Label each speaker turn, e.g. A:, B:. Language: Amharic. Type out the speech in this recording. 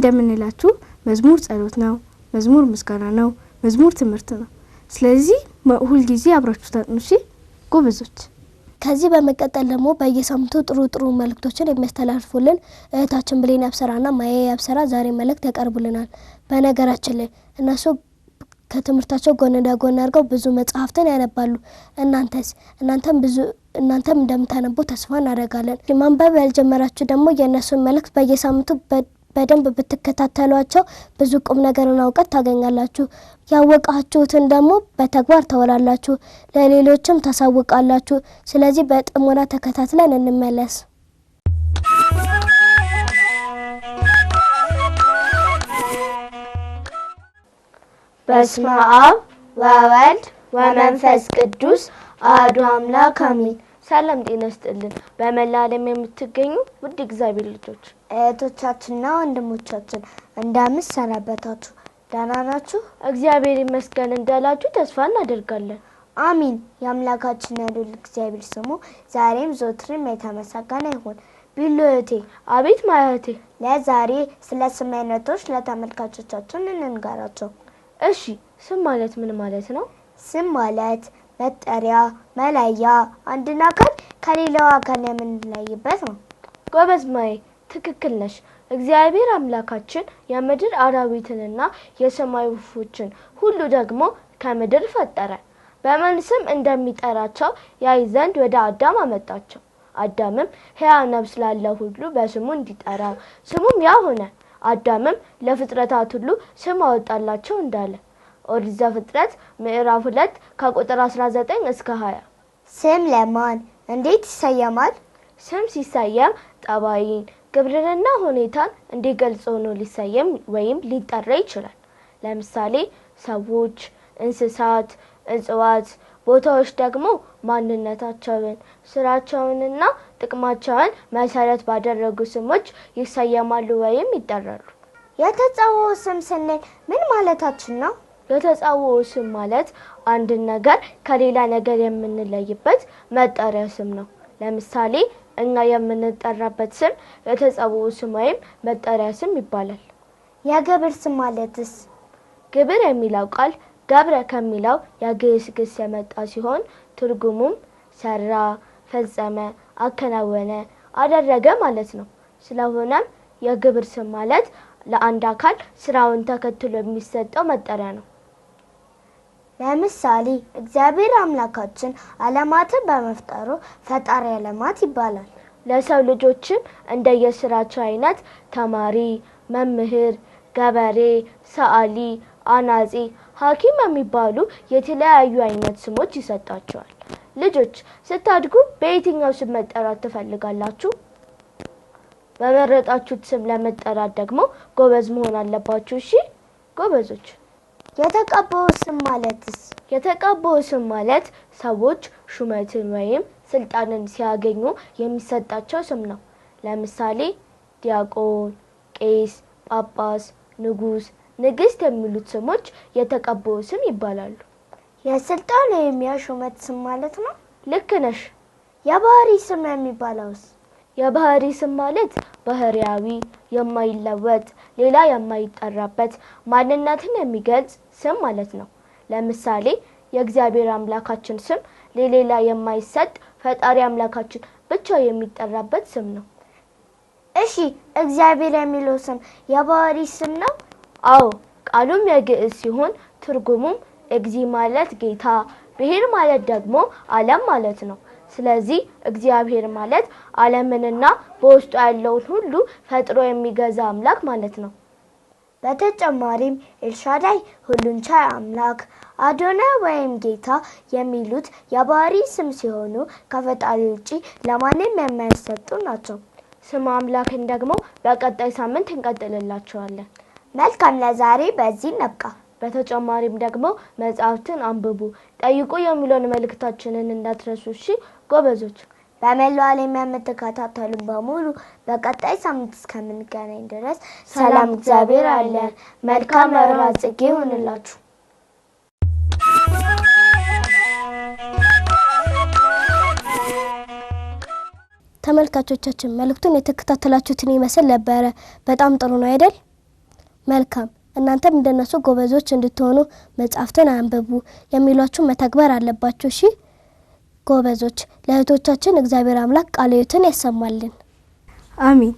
A: እንደምንላችሁ መዝሙር ጸሎት ነው፣ መዝሙር ምስጋና ነው፣ መዝሙር ትምህርት ነው። ስለዚህ ሁልጊዜ አብራችሁ ታጥኑ እሺ ጎበዞች።
B: ከዚህ በመቀጠል ደግሞ በየሳምንቱ ጥሩ ጥሩ መልእክቶችን የሚያስተላልፉልን እህታችን ብሌን ያብሰራና ማየ ያብሰራ ዛሬ መልእክት ያቀርቡልናል። በነገራችን ላይ እነሱ ከትምህርታቸው ጎን ለጎን አድርገው ብዙ መጽሐፍትን ያነባሉ። እናንተስ እናንተም ብዙ እናንተም እንደምታነቡ ተስፋ እናደርጋለን። ማንበብ ያልጀመራችሁ ደግሞ የእነሱን መልእክት በየሳምንቱ በደንብ ብትከታተሏቸው ብዙ ቁም ነገርና እውቀት ታገኛላችሁ። ያወቃችሁትን ደግሞ በተግባር ተወላላችሁ፣ ለሌሎችም ታሳውቃላችሁ። ስለዚህ በጥሞና ተከታትለን እንመለስ።
C: በስመ አብ ወወልድ ወመንፈስ ቅዱስ አሐዱ አምላክ አሜን።
D: ሰላም ጤና ይስጥልን። በመላ ዓለም የምትገኙ ውድ እግዚአብሔር ልጆች
E: እህቶቻችንና ወንድሞቻችን እንደምን ሰነበታችሁ? ደህና ናችሁ?
D: እግዚአብሔር ይመስገን እንዳላችሁ ተስፋ እናደርጋለን።
E: አሚን። የአምላካችን ያሉል እግዚአብሔር ስሙ ዛሬም ዘወትርም የተመሰገነ ይሁን። ቢሉ እህቴ፣
D: አቤት ማያቴ።
E: ለዛሬ ስለ ስም አይነቶች ለተመልካቾቻችን እንንገራቸው።
D: እሺ፣ ስም ማለት ምን ማለት ነው?
E: ስም ማለት መጠሪያ፣ መለያ አንድን አካል ከሌላው አካል የምንለይበት ነው።
D: ጎበዝ ማይ ትክክል ነሽ። እግዚአብሔር አምላካችን የምድር አራዊትንና የሰማይ ወፎችን ሁሉ ደግሞ ከምድር ፈጠረ። በምን ስም እንደሚጠራቸው ያይ ዘንድ ወደ አዳም አመጣቸው። አዳምም ሕያው ነፍስ ላለው ሁሉ በስሙ እንዲጠራ ስሙም ያ ሆነ። አዳምም ለፍጥረታት ሁሉ ስም አወጣላቸው እንዳለ ኦሪት ዘፍጥረት ምዕራፍ 2 ከቁጥር 19 እስከ 20።
E: ስም ለማን እንዴት ይሰየማል?
D: ስም ሲሰየም ጠባይን፣ ግብርንና ሁኔታን እንዲገልጽ ሆኖ ሊሰየም ወይም ሊጠራ ይችላል። ለምሳሌ ሰዎች፣ እንስሳት፣ እጽዋት፣ ቦታዎች ደግሞ ማንነታቸውን፣ ስራቸውንና ጥቅማቸውን መሰረት ባደረጉ ስሞች ይሰየማሉ ወይም ይጠራሉ።
E: የተጸውዖ ስም ስንል ምን ማለታችን ነው?
D: የተጻውዖ ስም ማለት አንድን ነገር ከሌላ ነገር የምንለይበት መጠሪያ ስም ነው። ለምሳሌ እኛ የምንጠራበት ስም የተጻውዖ ስም ወይም መጠሪያ ስም ይባላል።
E: የግብር ስም ማለትስ?
D: ግብር የሚለው ቃል ገብረ ከሚለው የግዕዝ ግስ የመጣ ሲሆን ትርጉሙም ሰራ፣ ፈጸመ፣ አከናወነ፣ አደረገ ማለት ነው። ስለሆነም የግብር ስም ማለት ለአንድ አካል ስራውን ተከትሎ የሚሰጠው መጠሪያ ነው።
E: ለምሳሌ እግዚአብሔር አምላካችን አለማትን በመፍጠሩ ፈጣሪ አለማት ይባላል።
D: ለሰው ልጆችም እንደየስራቸው አይነት ተማሪ፣ መምህር፣ ገበሬ፣ ሰዓሊ፣ አናጺ፣ ሐኪም የሚባሉ የተለያዩ አይነት ስሞች ይሰጣቸዋል። ልጆች ስታድጉ በየትኛው ስም መጠራት ትፈልጋላችሁ? በመረጣችሁት ስም ለመጠራት ደግሞ ጎበዝ መሆን አለባችሁ። እሺ ጎበዞች
E: የተቀበው ስም ማለትስ?
D: የተቀበው ስም ማለት ሰዎች ሹመትን ወይም ስልጣንን ሲያገኙ የሚሰጣቸው ስም ነው። ለምሳሌ ዲያቆን፣ ቄስ፣ ጳጳስ፣ ንጉስ፣ ንግስት የሚሉት ስሞች የተቀበው ስም ይባላሉ።
E: የስልጣን ወይም የሹመት ስም ማለት ነው። ልክ ነሽ። የባህሪ ስም የሚባለውስ?
D: የባህሪ ስም ማለት ባህሪያዊ፣ የማይለወጥ፣ ሌላ የማይጠራበት ማንነትን የሚገልጽ ስም ማለት ነው። ለምሳሌ የእግዚአብሔር አምላካችን ስም ለሌላ የማይሰጥ ፈጣሪ አምላካችን ብቻ የሚጠራበት ስም ነው።
E: እሺ፣ እግዚአብሔር የሚለው ስም የባህሪ ስም ነው?
D: አዎ፣ ቃሉም የግዕዝ ሲሆን ትርጉሙም እግዚ ማለት ጌታ፣ ብሔር ማለት ደግሞ ዓለም ማለት ነው። ስለዚህ እግዚአብሔር ማለት ዓለምንና በውስጡ ያለውን ሁሉ ፈጥሮ የሚገዛ አምላክ ማለት ነው።
E: በተጨማሪም ኤልሻዳይ ሁሉን ቻይ አምላክ፣ አዶነ ወይም ጌታ የሚሉት የባህሪ ስም ሲሆኑ ከፈጣሪ ውጪ ለማንም የማይሰጡ ናቸው።
D: ስም አምላክን ደግሞ በቀጣይ ሳምንት እንቀጥልላቸዋለን።
E: መልካም፣ ለዛሬ በዚህ ነብቃ።
D: በተጨማሪም ደግሞ መጽሐፍትን አንብቡ፣ ጠይቁ የሚለውን መልእክታችንን እንዳትረሱ እሺ። ጎበዞች
E: በመላው ዓለም የምትከታተሉን በሙሉ በቀጣይ ሳምንት እስከምንገናኝ ድረስ ሰላም፣ እግዚአብሔር አለ። መልካም መርሃ ጽጌ ይሆንላችሁ።
A: ተመልካቾቻችን መልእክቱን የተከታተላችሁትን ይመስል ነበረ። በጣም ጥሩ ነው አይደል? መልካም እናንተም እንደነሱ ጎበዞች እንድትሆኑ መጽሐፍትን አንብቡ የሚሏችሁ መተግበር አለባችሁ። እሺ ጎበዞች ለእህቶቻችን እግዚአብሔር አምላክ ቃለ ሕይወትን ያሰማልን።
D: አሚን።